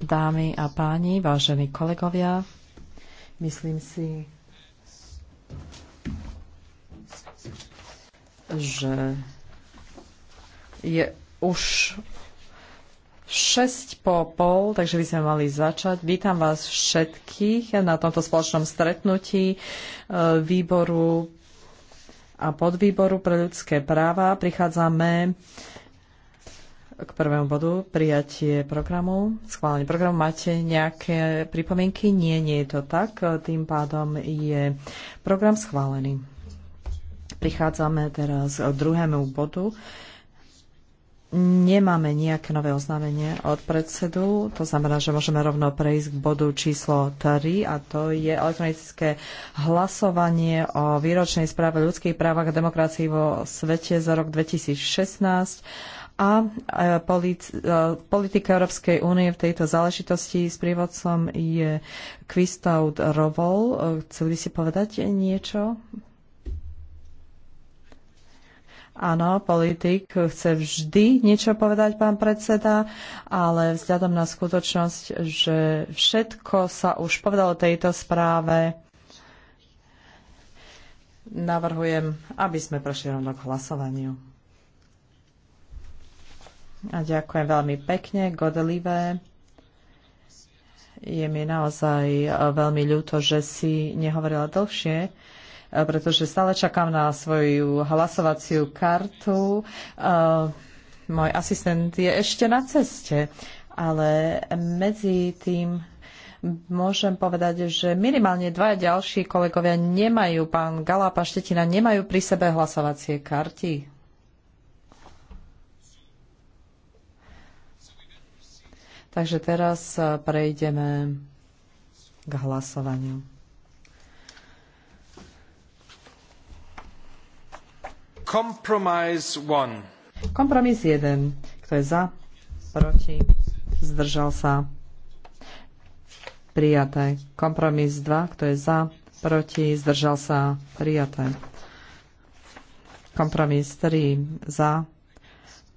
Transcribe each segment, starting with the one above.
Dámy a páni, vážení kolegovia, myslím si, že je už 6 po pol, takže by sme mali začať. Vítam vás všetkých na tomto spoločnom stretnutí e, výboru a podvýboru pre ľudské práva. Prichádzame k prvému bodu, prijatie programu, schválenie programu. Máte nejaké pripomienky? Nie, nie je to tak. Tým pádom je program schválený. Prichádzame teraz k druhému bodu. Nemáme nejaké nové oznámenie od predsedu, to znamená, že môžeme rovno prejsť k bodu číslo 3 a to je elektronické hlasovanie o výročnej správe ľudských právach a demokracii vo svete za rok 2016 a e, e, politika Európskej únie v tejto záležitosti s prívodcom je Christaud Rovol. E, chceli by si povedať niečo? Áno, politik chce vždy niečo povedať, pán predseda, ale vzhľadom na skutočnosť, že všetko sa už povedalo tejto správe, navrhujem, aby sme prešli rovno k hlasovaniu. A ďakujem veľmi pekne, godlivé. Je mi naozaj e, veľmi ľúto, že si nehovorila dlhšie, e, pretože stále čakám na svoju hlasovaciu kartu. E, môj asistent je ešte na ceste, ale medzi tým môžem povedať, že minimálne dva ďalší kolegovia nemajú, pán Galapa Štetina, nemajú pri sebe hlasovacie karty. Takže teraz e, prejdeme k hlasovaniu. Kompromis 1. Kompromis 1. Kto je za? Proti? Zdržal sa? Prijaté. Kompromis 2. Kto je za? Proti? Zdržal sa? Prijaté. Kompromis 3. Za?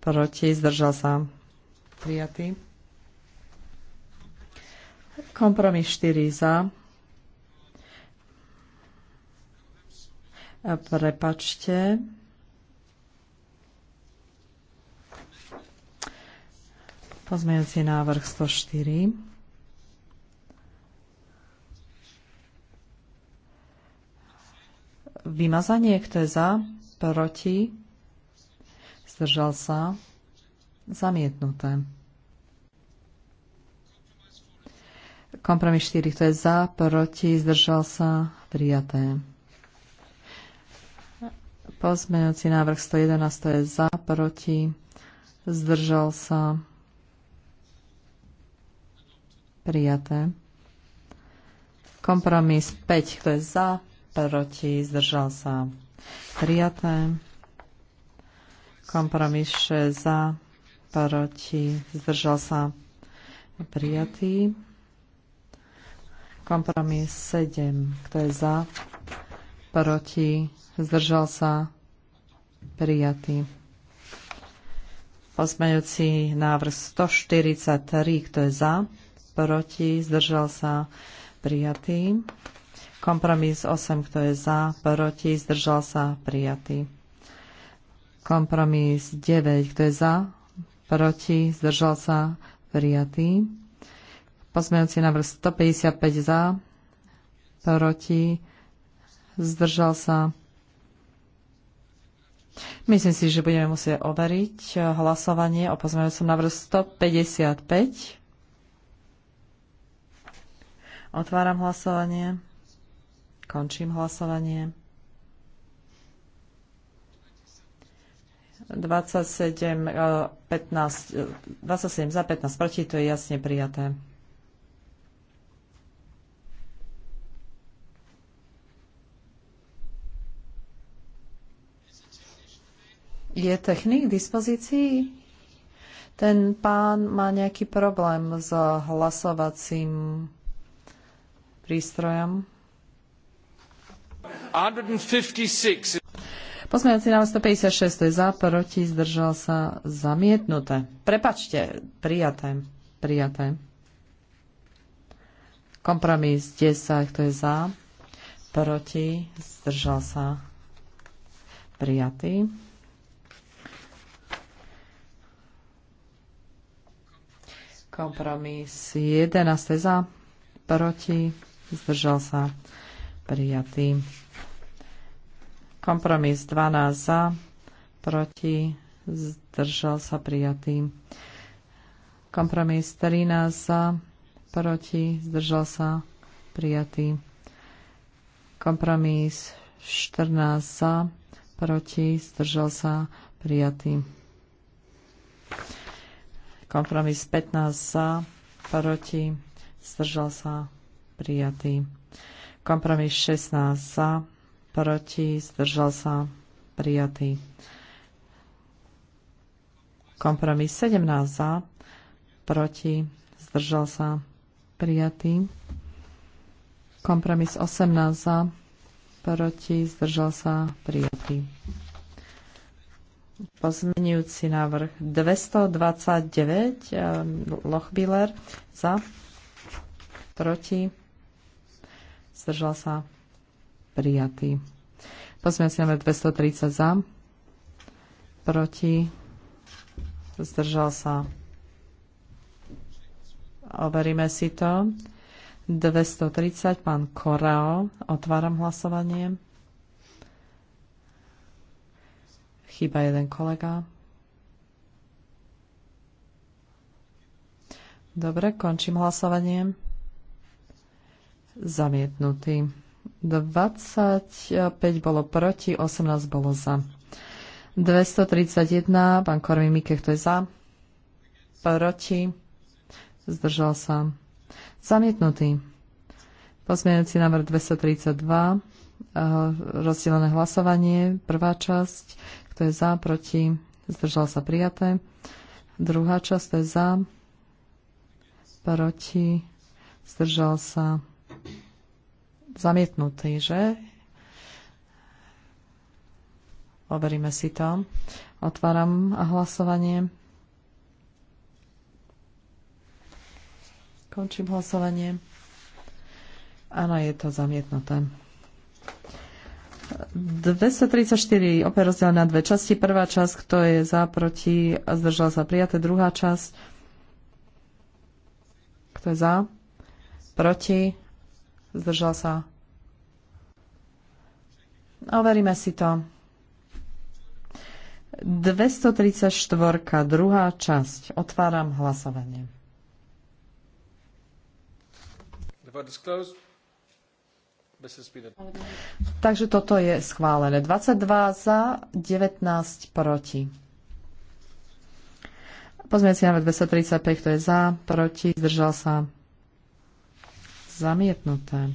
Proti? Zdržal sa? Prijatý. Kompromis 4 za. A Prepačte. Pozmejúci návrh 104. Vymazanie, kto je za, proti, zdržal sa, zamietnuté. Kompromis 4, kto je za, proti, zdržal sa, prijaté. Pozmeňujúci návrh 111, to je za, proti, zdržal sa, prijaté. Kompromis 5, kto je za, proti, zdržal sa, prijaté. Kompromis 6, za, proti, zdržal sa, prijatý. Kompromis 7. Kto je za? Proti? Zdržal sa? Prijatý. Pozmeňujúci návrh 143. Kto je za? Proti? Zdržal sa? Prijatý. Kompromis 8, kto je za, proti, zdržal sa, prijatý. Kompromis 9, kto je za, proti, zdržal sa, prijatý. Pozmeňujúci návrh 155 za, proti, zdržal sa. Myslím si, že budeme musieť overiť hlasovanie o pozmeňujúcom návrhu 155. Otváram hlasovanie. Končím hlasovanie. 27, 15, 27 za 15 proti, to je jasne prijaté. Je technik k dispozícii? Ten pán má nejaký problém s hlasovacím prístrojom. 156. Pozmeňovací 156 je za, proti, zdržal sa, zamietnuté. Prepačte, prijaté. Prijaté. Kompromis 10, kto je za, proti, zdržal sa, prijatý. Kompromis 11 za, proti, zdržal sa, prijatý. Kompromis 12 za, proti, zdržal sa, prijatý. Kompromis 13 za, proti, zdržal sa, prijatý. Kompromis 14 za, proti, zdržal sa, prijatý. Kompromis 15 za, proti, zdržal sa, prijatý. Kompromis 16 za, proti, zdržal sa, prijatý. Kompromis 17 za, proti, zdržal sa, prijatý. Kompromis 18 za, proti, zdržal sa, prijatý. Pozmenujúci návrh 229 eh, Lochbiller za, proti, zdržal sa, prijatý. Pozmenujúci návrh 230 za, proti, zdržal sa. Overíme si to. 230, pán Korao. Otváram hlasovanie. Chýba jeden kolega. Dobre, končím hlasovanie. Zamietnutý. 25 bolo proti, 18 bolo za. 231, pán Kormi Mike, kto je za? Proti. Zdržal sa. Zamietnutý. Pozmienujúci návrh 232, rozdelené hlasovanie, prvá časť. Kto je za, proti, zdržal sa prijaté. Druhá časť, to je za, proti, zdržal sa zamietnutý, že? Overíme si to. Otváram hlasovanie. Končím hlasovanie. Áno, je to zamietnuté. 234 opäť rozdelené na dve časti. Prvá časť, kto je za, proti, zdržal sa prijaté. Druhá časť, kto je za, proti, zdržal sa. Overíme si to. 234, druhá časť. Otváram hlasovanie. The vote is closed. Takže toto je schválené. 22 za, 19 proti. Pozmeňujúci návrh 235, kto je za, proti, zdržal sa. Zamietnuté.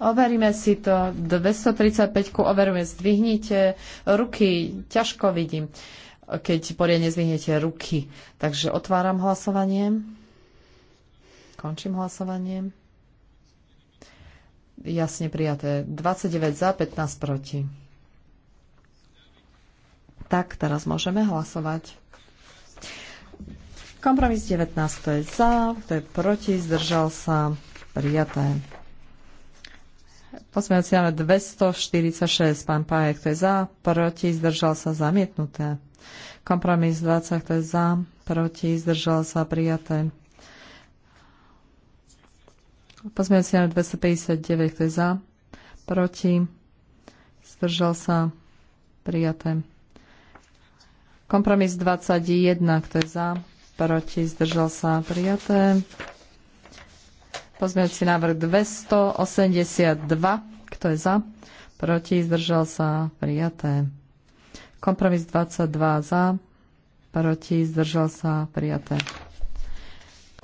Overíme si to. 235 overujeme. Zdvihnite ruky. Ťažko vidím, keď poriadne zdvihnete ruky. Takže otváram hlasovanie. Končím hlasovanie. Jasne prijaté. 29 za, 15 proti. Tak, teraz môžeme hlasovať. Kompromis 19, to je za, kto je proti, zdržal sa, prijaté. Pozmeňujúci návrh 246, pán Pajek, kto je za, proti, zdržal sa, zamietnuté. Kompromis 20, kto je za, proti, zdržal sa, prijaté. Pozmeňujúci návrh 259, kto je za? Proti? Zdržal sa? Prijaté. Kompromis 21, kto je za? Proti? Zdržal sa? Prijaté. Pozmeňujúci návrh 282, kto je za? Proti? Zdržal sa? Prijaté. Kompromis 22 za, proti, zdržal sa, prijaté.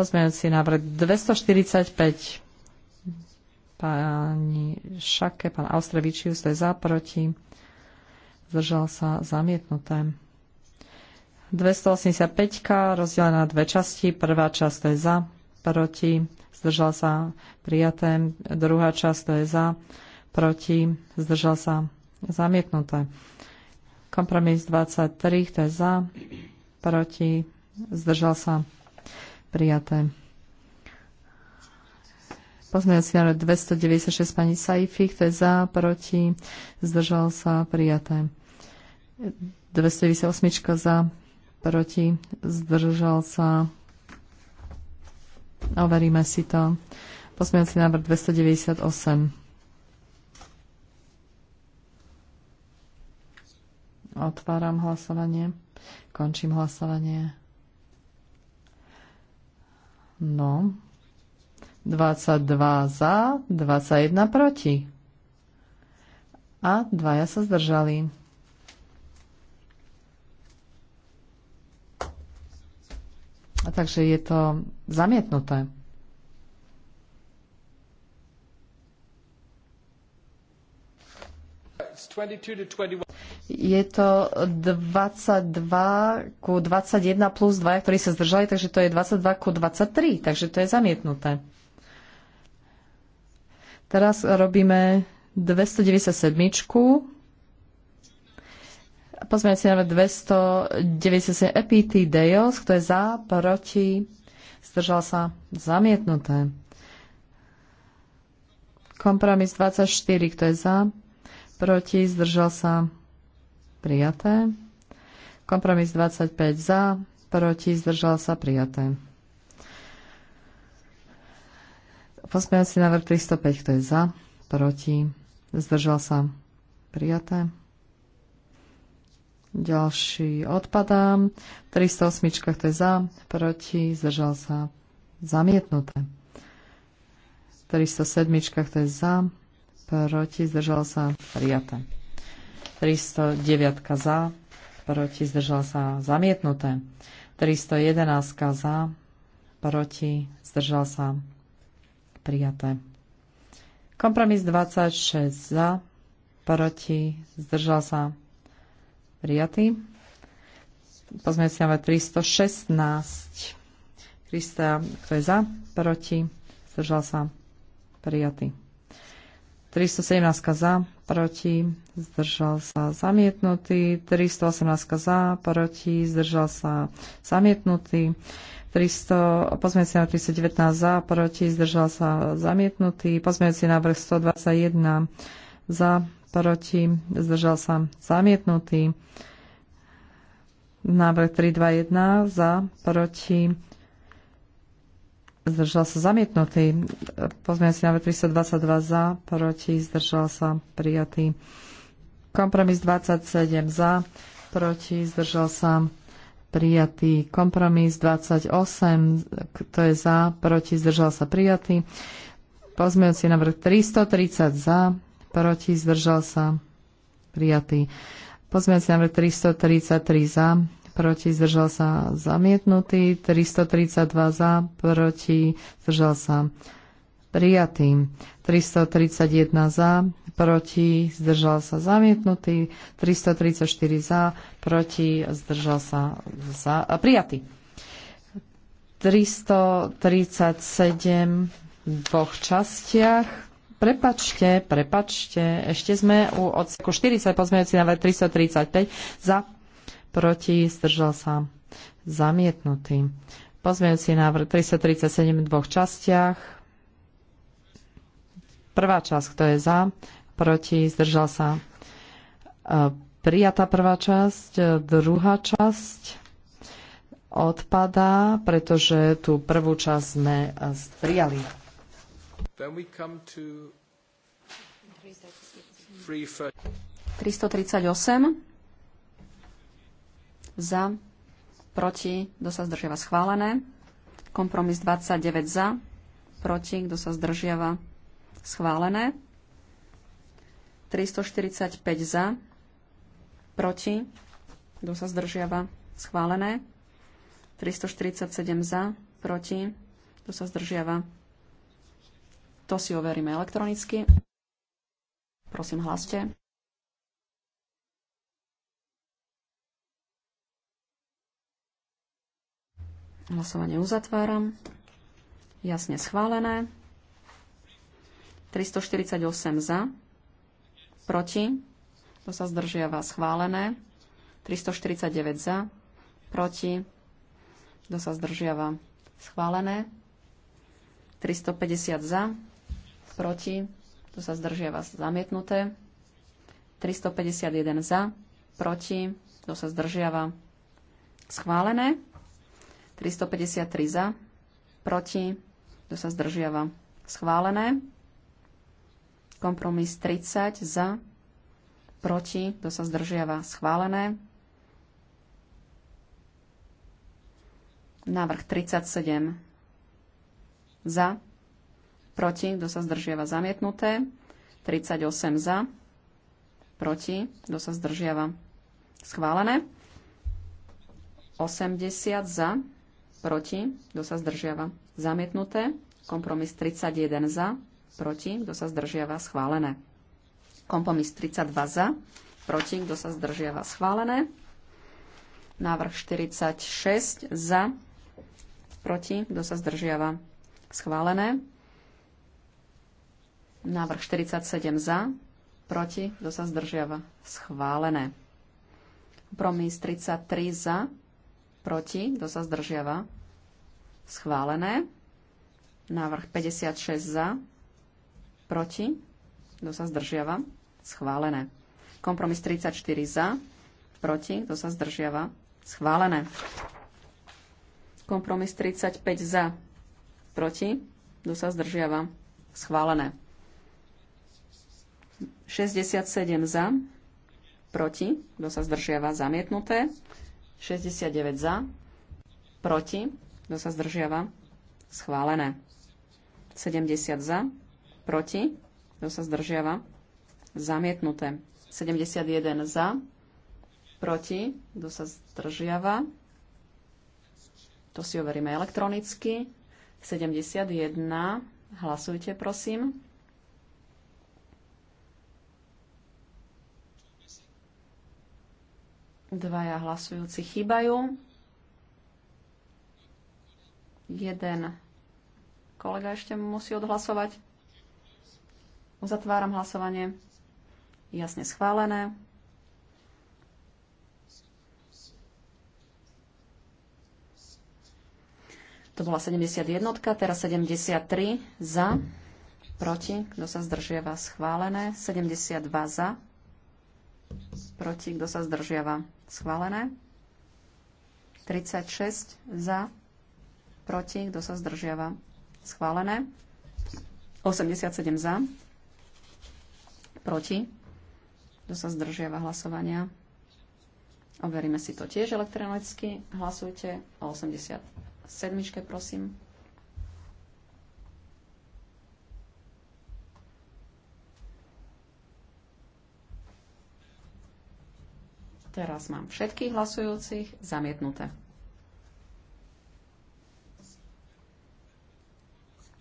Pozmeňujúci návrh 245 pani Šake, pán Austrevičius, to je za, proti, zdržal sa, zamietnuté. 285 rozdelená na dve časti. Prvá časť to je za, proti, zdržal sa, prijaté. Druhá časť to je za, proti, zdržal sa, zamietnuté. Kompromis 23, to je za, proti, zdržal sa, prijaté. Pozmeňovací návrh 296 pani Saifi, kto je za, proti, zdržal sa, prijaté. 298 za, proti, zdržal sa. Overíme si to. Pozmeňovací návrh 298. Otváram hlasovanie. Končím hlasovanie. No, 22 za, 21 proti. A dvaja sa zdržali. A takže je to zamietnuté. Je to 22 ku 21 plus 2, ktorí sa zdržali, takže to je 22 ku 23, takže to je zamietnuté. Teraz robíme 297. si na 297 deos, kto je za, proti, zdržal sa, zamietnuté. Kompromis 24, kto je za, proti, zdržal sa, prijaté. Kompromis 25 za, proti, zdržal sa, prijaté. Pozmeňovací návrh 305, kto je za, proti, zdržal sa, prijaté. Ďalší odpadám. 308, kto je za, proti, zdržal sa, zamietnuté. 307, kto je za, proti, zdržal sa, prijaté. 309 za, proti, zdržal sa, zamietnuté. 311 za, proti, zdržal sa, prijaté. Kompromis 26 za, proti, zdržal sa, prijatý. Pozme si 316. Krista, kto je za, proti, zdržal sa, prijatý. 317 za, proti, zdržal sa, zamietnutý. 318 za, proti, zdržal sa, zamietnutý. 300, pozmeňujúci návrh 319 za, proti, zdržal sa zamietnutý. Pozmeňujúci návrh 121 za, proti, zdržal sa zamietnutý. Návrh 321 za, proti, zdržal sa zamietnutý. Pozmeňujúci návrh 322 za, proti, zdržal sa prijatý. Kompromis 27 za, proti, zdržal sa prijatý. Kompromis 28, kto je za, proti, zdržal sa prijatý. Pozmejúci návrh 330 za, proti, zdržal sa prijatý. Pozmejúci návrh 333 za, proti, zdržal sa zamietnutý. 332 za, proti, zdržal sa prijatý prijatým. 331 za, proti, zdržal sa zamietnutý. 334 za, proti, zdržal sa za, a prijatý. 337 v dvoch častiach. Prepačte, prepačte, ešte sme u odseku 40, pozmeňujúci na 335, za, proti, zdržal sa, zamietnutý. Pozmeňujúci návrh 337 v dvoch častiach, Prvá časť, kto je za, proti, zdržal sa. E, prijatá prvá časť, e, druhá časť odpadá, pretože tú prvú časť sme e, prijali. Then we come to 338 za, proti, kto sa zdržiava schválené. Kompromis 29 za, proti, kto sa zdržiava Schválené. 345 za. Proti. Kto sa zdržiava? Schválené. 347 za. Proti. Kto sa zdržiava? To si overíme elektronicky. Prosím, hlaste. Hlasovanie uzatváram. Jasne schválené. 348 za, proti, to sa zdržiava schválené, 349 za, proti, to sa zdržiava schválené, 350 za, proti, to sa zdržiava zamietnuté, 351 za, proti, to sa zdržiava schválené, 353 za, proti, to sa zdržiava schválené, Kompromis 30 za, proti, kto sa zdržiava, schválené. Návrh 37 za, proti, kto sa zdržiava, zamietnuté. 38 za, proti, kto sa zdržiava, schválené. 80 za, proti, kto sa zdržiava, zamietnuté. Kompromis 31 za, proti, kto sa zdržiava, schválené. Kompromis 32 za, proti, kto sa zdržiava, schválené. Návrh 46 za, proti, kto sa zdržiava, schválené. Návrh 47 za, proti, kto sa zdržiava, schválené. Kompromis 33 za, proti, kto sa zdržiava, schválené. Návrh 56 za, Proti? Kto sa zdržiava? Schválené. Kompromis 34 za. Proti? Kto sa zdržiava? Schválené. Kompromis 35 za. Proti? Kto sa zdržiava? Schválené. 67 za. Proti? Kto sa zdržiava? Zamietnuté. 69 za. Proti? Kto sa zdržiava? Schválené. 70 za proti, kto sa zdržiava, zamietnuté. 71 za, proti, kto sa zdržiava, to si overíme elektronicky. 71, hlasujte prosím. Dvaja hlasujúci chýbajú. Jeden kolega ešte musí odhlasovať. Uzatváram hlasovanie. Jasne schválené. To bola 71, teraz 73 za, proti, kto sa zdržiava, schválené. 72 za, proti, kto sa zdržiava, schválené. 36 za, proti, kto sa zdržiava, schválené. 87 za, Proti? Kto sa zdržiava hlasovania? Overíme si to tiež elektronicky. Hlasujte o 87, prosím. Teraz mám všetkých hlasujúcich zamietnuté.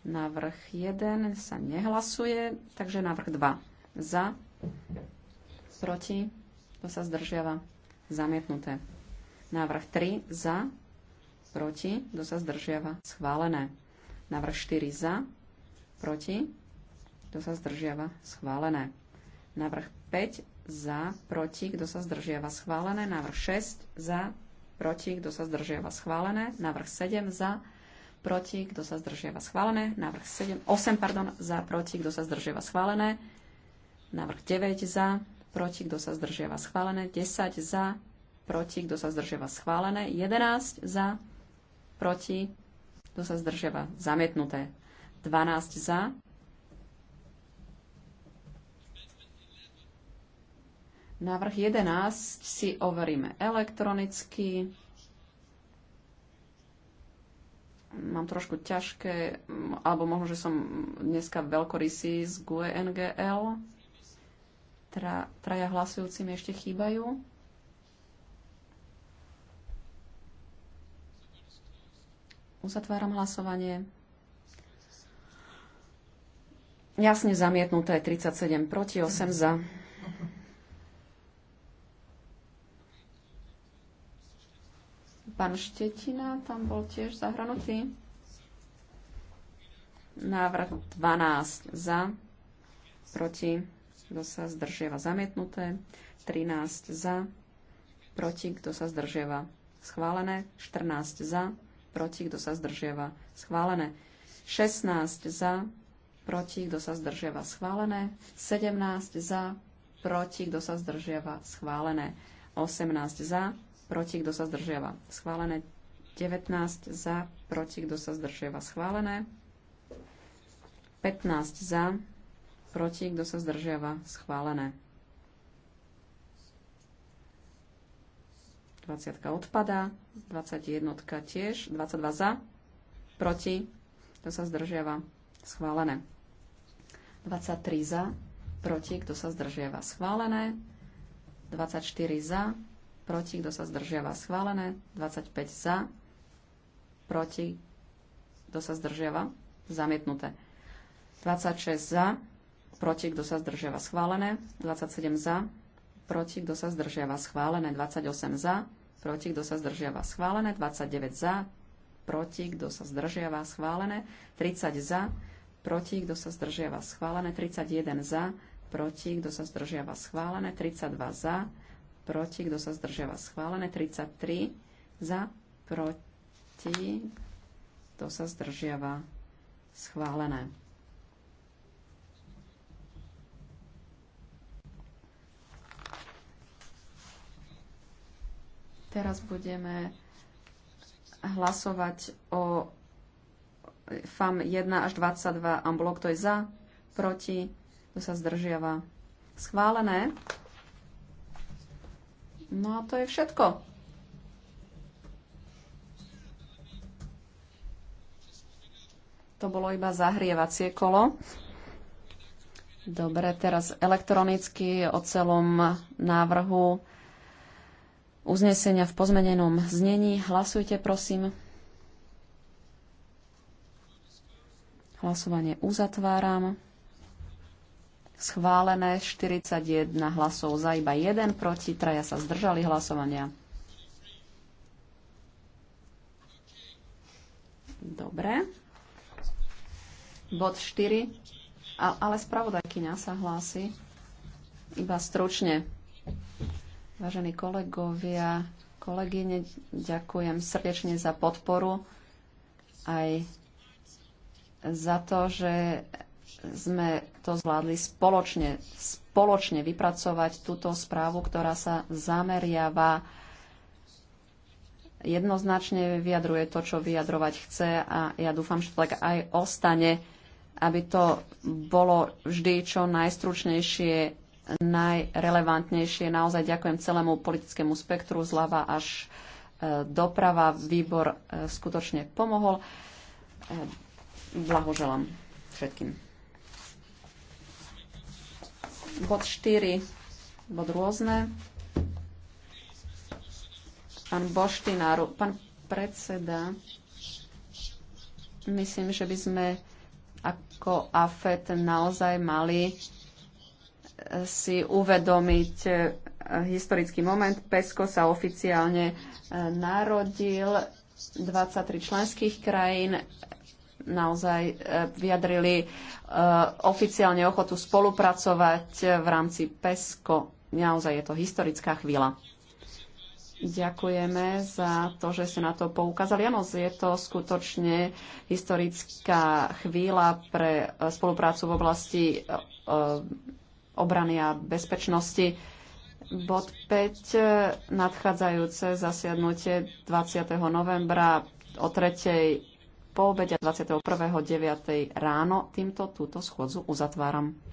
Návrh 1 sa nehlasuje, takže návrh 2 za, proti, to sa zdržiava, zamietnuté. Návrh 3 za, proti, to sa zdržiava, schválené. Návrh 4 za, proti, kto sa zdržiava, schválené. Návrh 5 za, proti, kto sa zdržiava, schválené. Návrh 6 za, proti, kto sa zdržiava, schválené. Návrh 7 za, proti, kto sa zdržiava, schválené. Návrh 7, 8, pardon, za, proti, kto sa zdržiava, schválené. Návrh 9 za, proti, kto sa zdržiava schválené. 10 za, proti, kto sa zdržiava schválené. 11 za, proti, kto sa zdržiava zamietnuté. 12 za, Návrh 11 si overíme elektronicky. Mám trošku ťažké, alebo možno, že som dneska veľkorysý z GUE NGL. Tra, traja hlasujúci mi ešte chýbajú. Uzatváram hlasovanie. Jasne zamietnuté 37 proti 8 za. Pán Štetina tam bol tiež zahrnutý. Návrh 12 za, proti kto sa zdržiava zamietnuté, 13 za, proti, kto sa zdržiava schválené, 14 za, proti, kto sa zdržiava schválené, 16 za, proti, kto sa zdržiava schválené, 17 za, proti, kto sa zdržiava schválené, 18 za, proti, kto sa zdržiava schválené, 19 za, proti, kto sa zdržiava schválené, 15 za, proti, kto sa zdržiava, schválené. 20 odpadá, 21 tiež, 22 za, proti, kto sa zdržiava, schválené. 23 za, proti, kto sa zdržiava, schválené. 24 za, proti, kto sa zdržiava, schválené. 25 za, proti, kto sa zdržiava, zamietnuté. 26 za, proti, kto sa zdržiava schválené, 27 za, proti, kto sa zdržiava schválené, 28 za, proti, kto sa zdržiava schválené, 29 za, proti, kto sa zdržiava schválené, 30 za, proti, kto sa zdržiava schválené, 31 za, proti, kto sa zdržiava schválené, 32 za, proti, kto sa zdržiava schválené, 33 za, proti, kto sa zdržiava schválené. Teraz budeme hlasovať o FAM 1 až 22 amblok. To je za, proti, to sa zdržiava. Schválené. No a to je všetko. To bolo iba zahrievacie kolo. Dobre, teraz elektronicky o celom návrhu uznesenia v pozmenenom znení. Hlasujte, prosím. Hlasovanie uzatváram. Schválené 41 hlasov za iba 1 proti, traja sa zdržali hlasovania. Dobre. Bod 4. Ale spravodajkyňa sa hlási. Iba stručne. Vážení kolegovia, kolegyne, ďakujem srdečne za podporu aj za to, že sme to zvládli spoločne, spoločne vypracovať túto správu, ktorá sa zameriava jednoznačne vyjadruje to, čo vyjadrovať chce a ja dúfam, že to tak aj ostane, aby to bolo vždy čo najstručnejšie najrelevantnejšie. Naozaj ďakujem celému politickému spektru zľava až e, doprava. Výbor e, skutočne pomohol. E, blahoželám všetkým. Bod 4, bod rôzne. Pán Boštináru, pán predseda, myslím, že by sme ako AFET naozaj mali si uvedomiť e, historický moment. PESCO sa oficiálne e, narodil, 23 členských krajín naozaj e, vyjadrili oficiálne ochotu spolupracovať v rámci PESCO. Naozaj je to historická chvíľa. Ďakujeme za to, že ste na to poukázali. Áno, je to skutočne historická chvíľa pre spoluprácu v oblasti obrany a bezpečnosti. Bod 5, e, nadchádzajúce zasiadnutie 20. novembra o 3. po obede 21.9. ráno. Týmto túto schôdzu uzatváram.